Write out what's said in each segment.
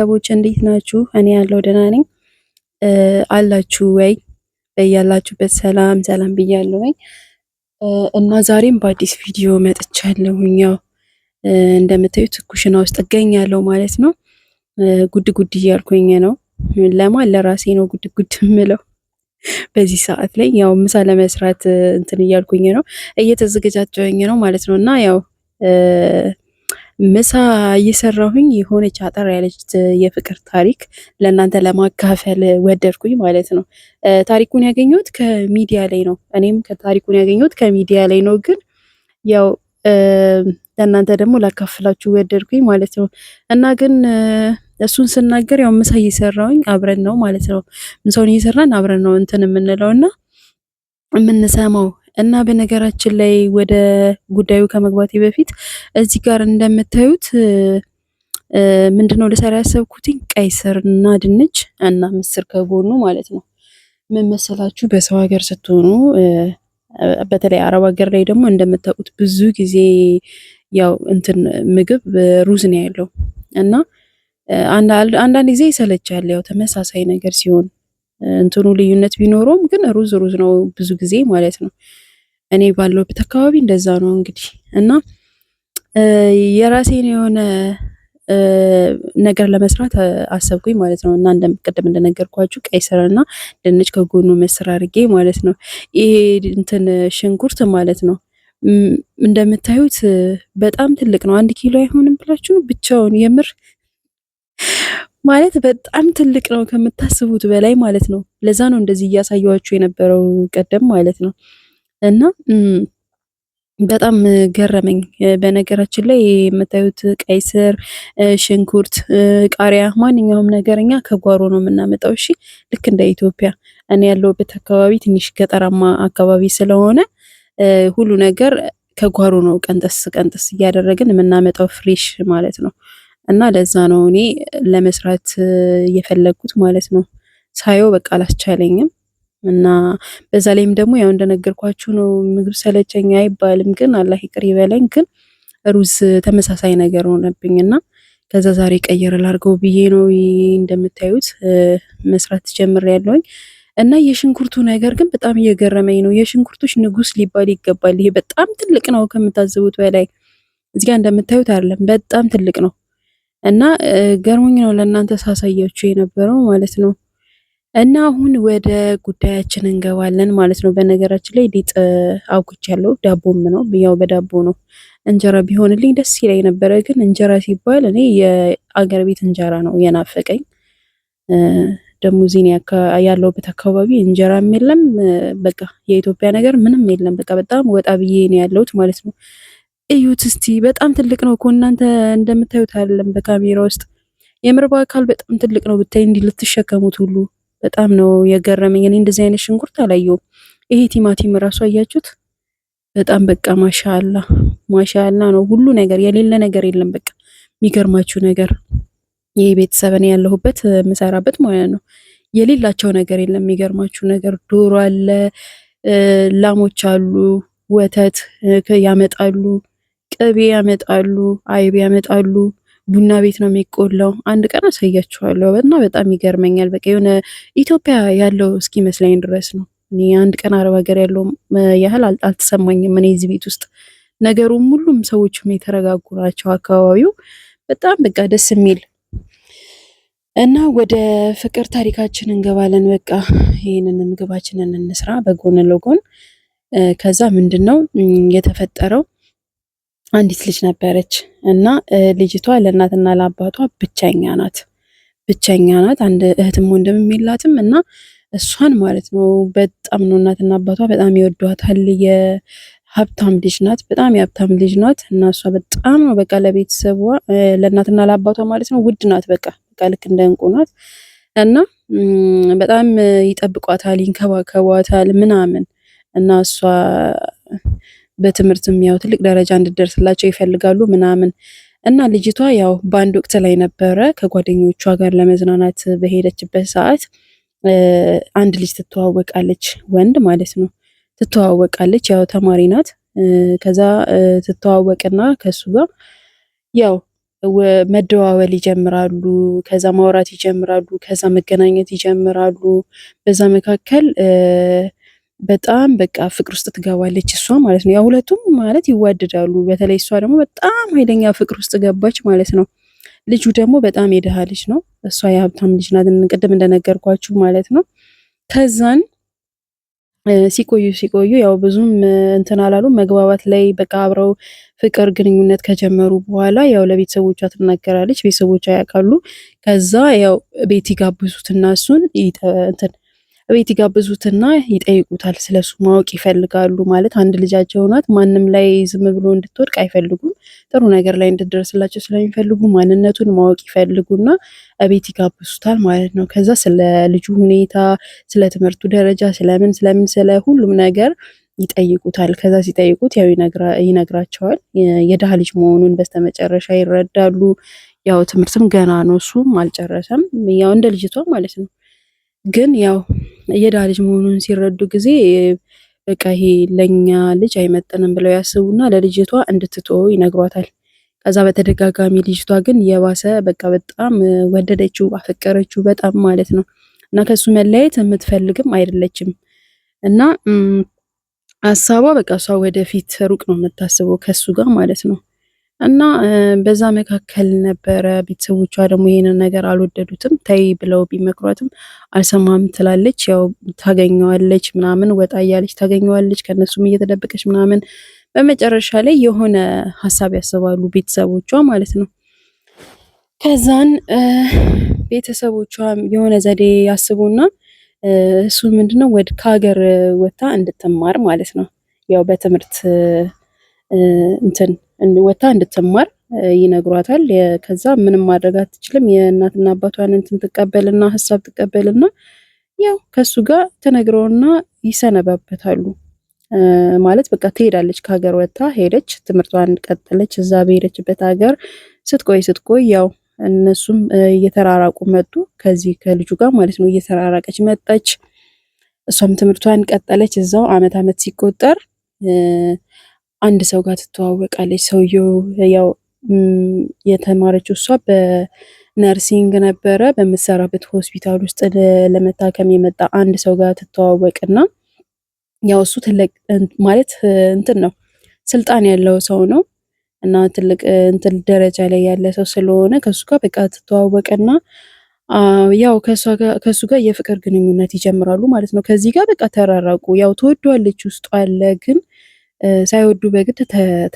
ቤተሰቦች እንዴት ናችሁ? እኔ ያለው ደህና ነኝ። አላችሁ ወይ? በያላችሁበት ሰላም ሰላም ወይ? እና ዛሬም በአዲስ ቪዲዮ መጥቻለሁ። ያው እንደምታዩት ኩሽና ውስጥ እገኛለሁ ማለት ነው። ጉድ ጉድ እያልኩኝ ነው። ለማን ለራሴ ነው ጉድ ጉድ የምለው በዚህ ሰዓት ላይ ያው ምሳ ለመስራት እንትን እያልኩኝ ነው፣ እየተዘገጃጀሁኝ ነው ማለት ነው እና ያው ምሳ እየሰራሁኝ የሆነች አጠር ያለች የፍቅር ታሪክ ለእናንተ ለማካፈል ወደድኩኝ ማለት ነው። ታሪኩን ያገኘሁት ከሚዲያ ላይ ነው። እኔም ታሪኩን ያገኘሁት ከሚዲያ ላይ ነው። ግን ያው ለእናንተ ደግሞ ላካፍላችሁ ወደድኩኝ ማለት ነው እና ግን እሱን ስናገር ያው ምሳ እየሰራሁኝ አብረን ነው ማለት ነው። ምሳውን እየሰራን አብረን ነው እንትን የምንለው እና የምንሰማው እና በነገራችን ላይ ወደ ጉዳዩ ከመግባቴ በፊት እዚህ ጋር እንደምታዩት ምንድነው ልሰራ ያሰብኩትኝ ቀይ ስር እና ድንች እና ምስር ከጎኑ ማለት ነው። ምን መሰላችሁ በሰው ሀገር ስትሆኑ በተለይ አረብ ሀገር ላይ ደግሞ እንደምታውቁት ብዙ ጊዜ ያው እንትን ምግብ ሩዝ ነው ያለው እና አንዳንድ ጊዜ ይሰለቻል። ያው ተመሳሳይ ነገር ሲሆን እንትኑ ልዩነት ቢኖረውም ግን ሩዝ ሩዝ ነው ብዙ ጊዜ ማለት ነው። እኔ ባለሁበት አካባቢ እንደዛ ነው እንግዲህ እና የራሴን የሆነ ነገር ለመስራት አሰብኩኝ ማለት ነው እና እንደምቀደም እንደነገርኳችሁ ቀይ ስርና ድንች ከጎኑ ምስር አድርጌ ማለት ነው። ይሄ እንትን ሽንኩርት ማለት ነው እንደምታዩት በጣም ትልቅ ነው። አንድ ኪሎ አይሆንም ብላችሁ ብቻውን የምር ማለት በጣም ትልቅ ነው ከምታስቡት በላይ ማለት ነው። ለዛ ነው እንደዚህ እያሳየዋችሁ የነበረው ቀደም ማለት ነው። እና በጣም ገረመኝ። በነገራችን ላይ የምታዩት ቀይ ስር፣ ሽንኩርት፣ ቃሪያ ማንኛውም ነገር እኛ ከጓሮ ነው የምናመጣው። እሺ ልክ እንደ ኢትዮጵያ። እኔ ያለሁበት አካባቢ ትንሽ ገጠራማ አካባቢ ስለሆነ ሁሉ ነገር ከጓሮ ነው ቀንጠስ ቀንጠስ እያደረግን የምናመጣው ፍሬሽ ማለት ነው። እና ለዛ ነው እኔ ለመስራት የፈለግኩት ማለት ነው። ሳየው በቃ አላስቻለኝም። እና በዛ ላይም ደግሞ ያው እንደነገርኳችሁ ነው። ምግብ ሰለቸኝ አይባልም፣ ግን አላህ ይቅር ይበለኝ። ግን ሩዝ ተመሳሳይ ነገር ሆነብኝ እና ከዛ ዛሬ ቀየር ላድርገው ብዬ ነው እንደምታዩት መስራት ጀምር ያለውኝ እና የሽንኩርቱ ነገር ግን በጣም እየገረመኝ ነው። የሽንኩርቶች ንጉስ ሊባል ይገባል። ይሄ በጣም ትልቅ ነው ከምታዝቡት በላይ እዚህ ጋር እንደምታዩት አይደለም፣ በጣም ትልቅ ነው እና ገርሞኝ ነው ለእናንተ ሳሳያችሁ የነበረው ማለት ነው። እና አሁን ወደ ጉዳያችን እንገባለን ማለት ነው። በነገራችን ላይ ሊጥ አውቅች ያለው ዳቦም ነው ያው በዳቦ ነው እንጀራ ቢሆንልኝ ደስ ይለኝ ነበረ። ግን እንጀራ ሲባል እኔ የአገር ቤት እንጀራ ነው የናፈቀኝ። ደግሞ እዚህ ያለውበት አካባቢ እንጀራም የለም በቃ የኢትዮጵያ ነገር ምንም የለም። በቃ በጣም ወጣ ብዬ ነው ያለሁት ማለት ነው። እዩት እስቲ በጣም ትልቅ ነው እኮ እናንተ እንደምታዩት አይደለም በካሜራ ውስጥ የምርባ አካል በጣም ትልቅ ነው ብታይ እንዲህ ልትሸከሙት ሁሉ በጣም ነው የገረመኝ። እኔ እንደዚህ አይነት ሽንኩርት አላየሁም። ይሄ ቲማቲም እራሱ አያችሁት? በጣም በቃ ማሻላ ማሻአላ ነው ሁሉ ነገር፣ የሌለ ነገር የለም። በቃ የሚገርማችሁ ነገር ይህ ቤተሰብ እኔ ያለሁበት የምሰራበት ማለት ነው የሌላቸው ነገር የለም። የሚገርማችሁ ነገር ዶሮ አለ፣ ላሞች አሉ፣ ወተት ያመጣሉ፣ ቅቤ ያመጣሉ፣ አይብ ያመጣሉ። ቡና ቤት ነው የሚቆላው። አንድ ቀን አሳያችኋለሁ እና በጣም ይገርመኛል። በቃ የሆነ ኢትዮጵያ ያለው እስኪ መስለኝ ድረስ ነው። እኔ አንድ ቀን አረብ ሀገር ያለው ያህል አልተሰማኝም። እኔ እዚህ ቤት ውስጥ ነገሩም ሁሉም ሰዎችም የተረጋጉ ናቸው። አካባቢው በጣም በቃ ደስ የሚል እና ወደ ፍቅር ታሪካችን እንገባለን። በቃ ይህንን ምግባችንን እንስራ በጎን ለጎን ከዛ ምንድን ነው የተፈጠረው አንዲት ልጅ ነበረች እና ልጅቷ ለእናትና ለአባቷ ብቸኛ ናት። ብቸኛ ናት። አንድ እህትም ወንድም የሚላትም እና እሷን ማለት ነው በጣም ነው እናትና አባቷ በጣም ይወዷታል። የሀብታም ልጅ ናት። በጣም የሀብታም ልጅ ናት እና እሷ በጣም ነው በቃ ለቤተሰቧ ለእናትና ለአባቷ ማለት ነው ውድ ናት። በቃ በቃ ልክ እንደ እንቁ ናት እና በጣም ይጠብቋታል፣ ይንከባከቧታል ምናምን እና እሷ በትምህርት የሚያው ትልቅ ደረጃ እንድደርስላቸው ይፈልጋሉ ምናምን እና ልጅቷ ያው በአንድ ወቅት ላይ ነበረ ከጓደኞቿ ጋር ለመዝናናት በሄደችበት ሰዓት አንድ ልጅ ትተዋወቃለች፣ ወንድ ማለት ነው። ትተዋወቃለች፣ ያው ተማሪ ናት። ከዛ ትተዋወቅና ከሱ ጋር ያው መደዋወል ይጀምራሉ። ከዛ ማውራት ይጀምራሉ። ከዛ መገናኘት ይጀምራሉ። በዛ መካከል በጣም በቃ ፍቅር ውስጥ ትገባለች እሷ ማለት ነው። ያው ሁለቱም ማለት ይዋደዳሉ። በተለይ እሷ ደግሞ በጣም ኃይለኛ ፍቅር ውስጥ ገባች ማለት ነው። ልጁ ደግሞ በጣም የድሃ ልጅ ነው። እሷ የሀብታም ልጅ ናት፣ ቅድም እንደነገርኳችሁ ማለት ነው። ከዛን ሲቆዩ ሲቆዩ ያው ብዙም እንትን አላሉ መግባባት ላይ በቃ አብረው ፍቅር ግንኙነት ከጀመሩ በኋላ ያው ለቤተሰቦቿ ትናገራለች፣ ቤተሰቦቿ ያውቃሉ። ከዛ ያው ቤት ይጋብዙትና እሱን እንትን እቤት ይጋብዙትና ይጠይቁታል። ስለሱ ማወቅ ይፈልጋሉ ማለት አንድ ልጃቸው ናት። ማንም ላይ ዝም ብሎ እንድትወድቅ አይፈልጉም። ጥሩ ነገር ላይ እንድትደርስላቸው ስለሚፈልጉ ማንነቱን ማወቅ ይፈልጉና እቤት ይጋብዙታል ማለት ነው። ከዛ ስለ ልጁ ሁኔታ፣ ስለ ትምህርቱ ደረጃ፣ ስለምን ስለምን ስለ ሁሉም ነገር ይጠይቁታል። ከዛ ሲጠይቁት ያው ይነግራቸዋል የድሃ ልጅ መሆኑን በስተመጨረሻ ይረዳሉ። ያው ትምህርትም ገና ነው፣ እሱም አልጨረሰም። ያው እንደ ልጅቷ ማለት ነው። ግን ያው የዳ ልጅ መሆኑን ሲረዱ ጊዜ በቃ ይሄ ለእኛ ልጅ አይመጠንም ብለው ያስቡና ለልጅቷ እንድትቶ ይነግሯታል። ከዛ በተደጋጋሚ ልጅቷ ግን የባሰ በቃ በጣም ወደደችው፣ አፈቀረችው በጣም ማለት ነው። እና ከሱ መለያየት የምትፈልግም አይደለችም። እና ሀሳቧ በቃ እሷ ወደፊት ሩቅ ነው የምታስበው ከሱ ጋር ማለት ነው። እና በዛ መካከል ነበረ ቤተሰቦቿ ደግሞ ይሄንን ነገር አልወደዱትም። ተይ ብለው ቢመክሯትም አልሰማም ትላለች። ያው ታገኘዋለች ምናምን ወጣ እያለች ታገኘዋለች፣ ከእነሱም እየተደበቀች ምናምን። በመጨረሻ ላይ የሆነ ሀሳብ ያስባሉ ቤተሰቦቿ ማለት ነው። ከዛን ቤተሰቦቿ የሆነ ዘዴ ያስቡና እሱ ምንድነው ወደ ከሀገር ወጥታ እንድትማር ማለት ነው ያው በትምህርት እንትን ወታ እንድትማር ይነግሯታል። ከዛ ምንም ማድረግ አትችልም። የእናትና አባቷን እንትን ትቀበልና ሀሳብ ትቀበልና ያው ከሱ ጋር ተነግረውና ይሰነባበታሉ። ማለት በቃ ትሄዳለች። ከሀገር ወጥታ ሄደች፣ ትምህርቷን ቀጠለች። እዛ በሄደችበት ሀገር ስትቆይ ስትቆይ ያው እነሱም እየተራራቁ መጡ። ከዚህ ከልጁ ጋር ማለት ነው እየተራራቀች መጣች። እሷም ትምህርቷን ቀጠለች። እዛው አመት አመት ሲቆጠር አንድ ሰው ጋር ትተዋወቃለች። ሰውየው ያው የተማረችው እሷ በነርሲንግ ነበረ። በምትሰራበት ሆስፒታል ውስጥ ለመታከም የመጣ አንድ ሰው ጋር ትተዋወቅና ያው እሱ ትልቅ ማለት እንትን ነው ስልጣን ያለው ሰው ነው እና ትልቅ እንትን ደረጃ ላይ ያለ ሰው ስለሆነ ከሱ ጋር በቃ ትተዋወቅና ያው ከእሱ ጋር የፍቅር ግንኙነት ይጀምራሉ ማለት ነው። ከዚህ ጋር በቃ ተራራቁ። ያው ትወዷለች፣ ውስጡ አለ ግን ሳይወዱ በግድ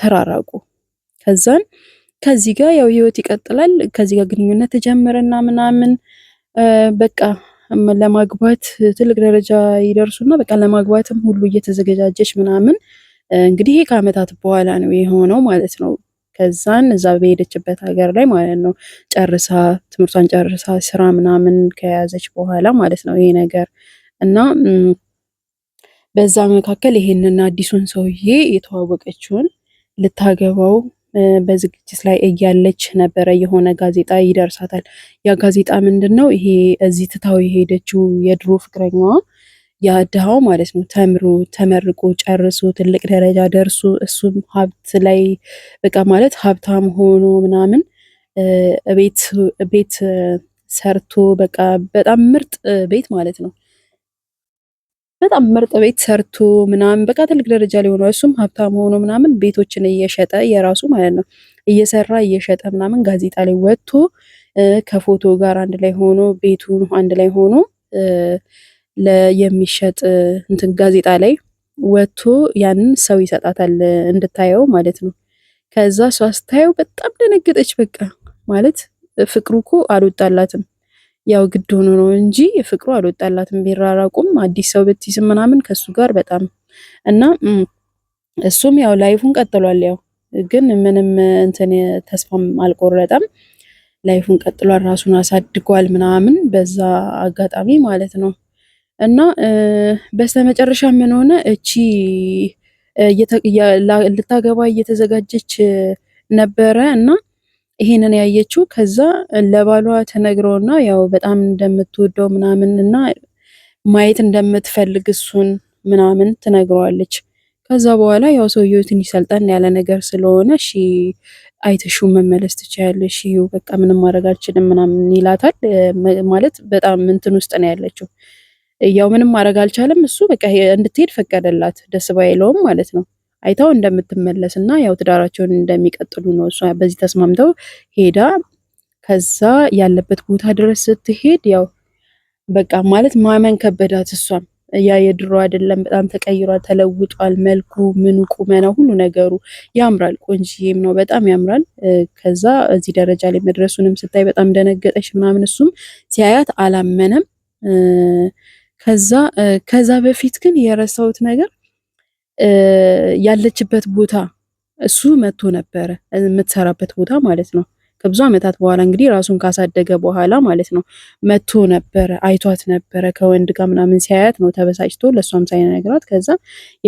ተራራቁ። ከዛን ከዚህ ጋር ያው ህይወት ይቀጥላል። ከዚህ ጋር ግንኙነት ተጀመረና ምናምን በቃ ለማግባት ትልቅ ደረጃ ይደርሱና በቃ ለማግባትም ሁሉ እየተዘገጃጀች ምናምን እንግዲህ ይሄ ከዓመታት በኋላ ነው የሆነው ማለት ነው። ከዛን እዛ በሄደችበት ሀገር ላይ ማለት ነው ጨርሳ ትምህርቷን ጨርሳ ስራ ምናምን ከያዘች በኋላ ማለት ነው ይሄ ነገር እና በዛ መካከል ይሄንን አዲሱን ሰውዬ የተዋወቀችውን ልታገባው በዝግጅት ላይ እያለች ነበረ። የሆነ ጋዜጣ ይደርሳታል። ያ ጋዜጣ ምንድን ነው? ይሄ እዚህ ትታው የሄደችው የድሮ ፍቅረኛዋ ያድሃው ማለት ነው ተምሮ ተመርቆ ጨርሶ ትልቅ ደረጃ ደርሶ እሱም ሀብት ላይ በቃ ማለት ሀብታም ሆኖ ምናምን ቤት ሰርቶ በቃ በጣም ምርጥ ቤት ማለት ነው በጣም ምርጥ ቤት ሰርቶ ምናምን በቃ ትልቅ ደረጃ ላይ እሱም ሀብታም ሆኖ ምናምን ቤቶችን እየሸጠ የራሱ ማለት ነው እየሰራ እየሸጠ ምናምን ጋዜጣ ላይ ወጥቶ ከፎቶ ጋር አንድ ላይ ሆኖ ቤቱ አንድ ላይ ሆኖ የሚሸጥ እንትን ጋዜጣ ላይ ወጥቶ ያንን ሰው ይሰጣታል እንድታየው ማለት ነው። ከዛ እሷ ስታየው በጣም ደነገጠች። በቃ ማለት ፍቅሩ እኮ አልወጣላትም። ያው ግድ ሆኖ ነው እንጂ ፍቅሩ አልወጣላትም። ቢራራቁም አዲስ ሰው ብትይዝም ምናምን ከሱ ጋር በጣም እና እሱም ያው ላይፉን ቀጥሏል። ያው ግን ምንም እንትን ተስፋም አልቆረጠም። ላይፉን ቀጥሏል። ራሱን አሳድጓል ምናምን በዛ አጋጣሚ ማለት ነው። እና በስተመጨረሻ ምን ሆነ? እቺ ልታገባ እየተዘጋጀች ነበረ እና ይሄንን ያየችው ከዛ ለባሏ ተነግረውና ያው በጣም እንደምትወደው ምናምንና ማየት እንደምትፈልግ እሱን ምናምን ትነግረዋለች። ከዛ በኋላ ያው ሰውየው ትንሽ ሰልጠን ያለ ነገር ስለሆነ እሺ አይተሹ መመለስ ትችያለሽ፣ ይኸው በቃ ምንም ማድረግ አልችልም ምናምን ይላታል። ማለት በጣም እንትን ውስጥ ነው ያለችው። ያው ምንም ማድረግ አልቻለም እሱ በቃ እንድትሄድ ፈቀደላት፣ ደስ ባይለውም ማለት ነው። አይተው እንደምትመለስ እና ያው ትዳራቸውን እንደሚቀጥሉ ነው። እሷ በዚህ ተስማምተው ሄዳ ከዛ ያለበት ቦታ ድረስ ስትሄድ ያው በቃ ማለት ማመን ከበዳት። እሷም ያ የድሮ አይደለም፣ በጣም ተቀይሯል፣ ተለውጧል። መልኩ፣ ምኑ፣ ቁመና፣ ሁሉ ነገሩ ያምራል። ቆንጂዬም ነው፣ በጣም ያምራል። ከዛ እዚህ ደረጃ ላይ መድረሱንም ስታይ በጣም ደነገጠች ምናምን። እሱም ሲያያት አላመነም። ከዛ ከዛ በፊት ግን የረሳሁት ነገር ያለችበት ቦታ እሱ መጥቶ ነበረ የምትሰራበት ቦታ ማለት ነው። ከብዙ ዓመታት በኋላ እንግዲህ ራሱን ካሳደገ በኋላ ማለት ነው መጥቶ ነበረ፣ አይቷት ነበረ ከወንድ ጋር ምናምን ሲያያት ነው ተበሳጭቶ ለእሷም ሳይነግራት ከዛ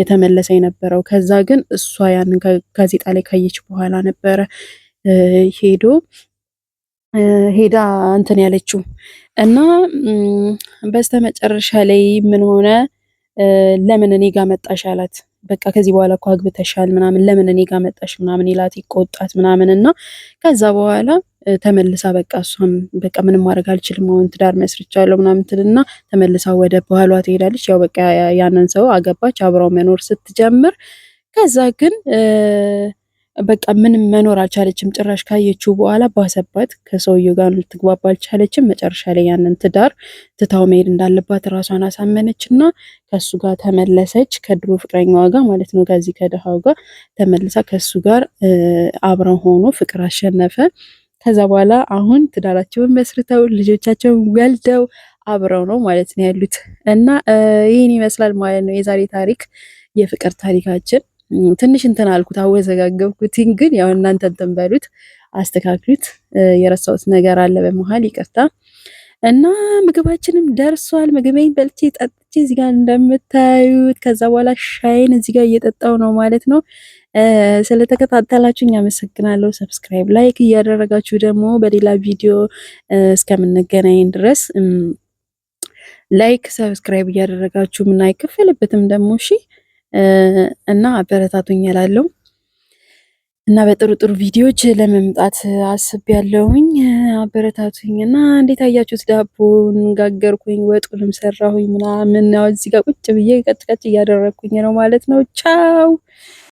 የተመለሰ የነበረው። ከዛ ግን እሷ ያንን ጋዜጣ ላይ ካየች በኋላ ነበረ ሄዶ ሄዳ እንትን ያለችው እና በስተመጨረሻ ላይ ምን ሆነ? ለምን እኔ ጋር መጣሽ አላት። በቃ ከዚህ በኋላ እኮ አግብተሻል ምናምን ለምን እኔ ጋር መጣሽ ምናምን ይላት ይቆጣት ምናምን እና ከዛ በኋላ ተመልሳ በቃ እሷም በቃ ምንም ማድረግ አልችልም አሁን ትዳር መስርቻለሁ ምናምን ትልና ተመልሳ ወደ ባህሏ ትሄዳለች። ያው በቃ ያንን ሰው አገባች አብረው መኖር ስትጀምር ከዛ ግን በቃ ምንም መኖር አልቻለችም። ጭራሽ ካየችው በኋላ ባሰባት። ከሰውየው ጋር ልትግባባ አልቻለችም። መጨረሻ ላይ ያንን ትዳር ትታው መሄድ እንዳለባት ራሷን አሳመነች እና ከሱ ጋር ተመለሰች፣ ከድሮ ፍቅረኛዋ ጋር ማለት ነው። ከዚህ ከድሃው ጋር ተመልሳ ከሱ ጋር አብረው ሆኖ ፍቅር አሸነፈ። ከዛ በኋላ አሁን ትዳራቸውን መስርተው ልጆቻቸውን ወልደው አብረው ነው ማለት ነው ያሉት እና ይህን ይመስላል ማለት ነው የዛሬ ታሪክ የፍቅር ታሪካችን። ትንሽ እንትን አልኩት አወዘጋገብኩት፣ ግን ያው እናንተ እንትን በሉት አስተካክሉት። የረሳሁት ነገር አለ በመሀል ይቅርታ። እና ምግባችንም ደርሷል። ምግቤን በልቼ ጠጥቼ እዚህ ጋር እንደምታዩት፣ ከዛ በኋላ ሻይን እዚህ ጋር እየጠጣው ነው ማለት ነው። ስለተከታተላችሁኝ አመሰግናለሁ። ሰብስክራይብ፣ ላይክ እያደረጋችሁ ደግሞ በሌላ ቪዲዮ እስከምንገናኝ ድረስ ላይክ፣ ሰብስክራይብ እያደረጋችሁ ምናይክፈልበትም ደግሞ እሺ እና አበረታቱኝ እላለሁ። እና በጥሩ ጥሩ ቪዲዮዎች ለመምጣት አስብ ያለውኝ አበረታቱኝ እና እንዴት አያችሁት? ዳቦን ጋገርኩኝ፣ ወጡንም ሰራሁኝ ምናምን። እዚህ ጋር ቁጭ ብዬ ቀጭቀጭ እያደረግኩኝ ነው ማለት ነው። ቻው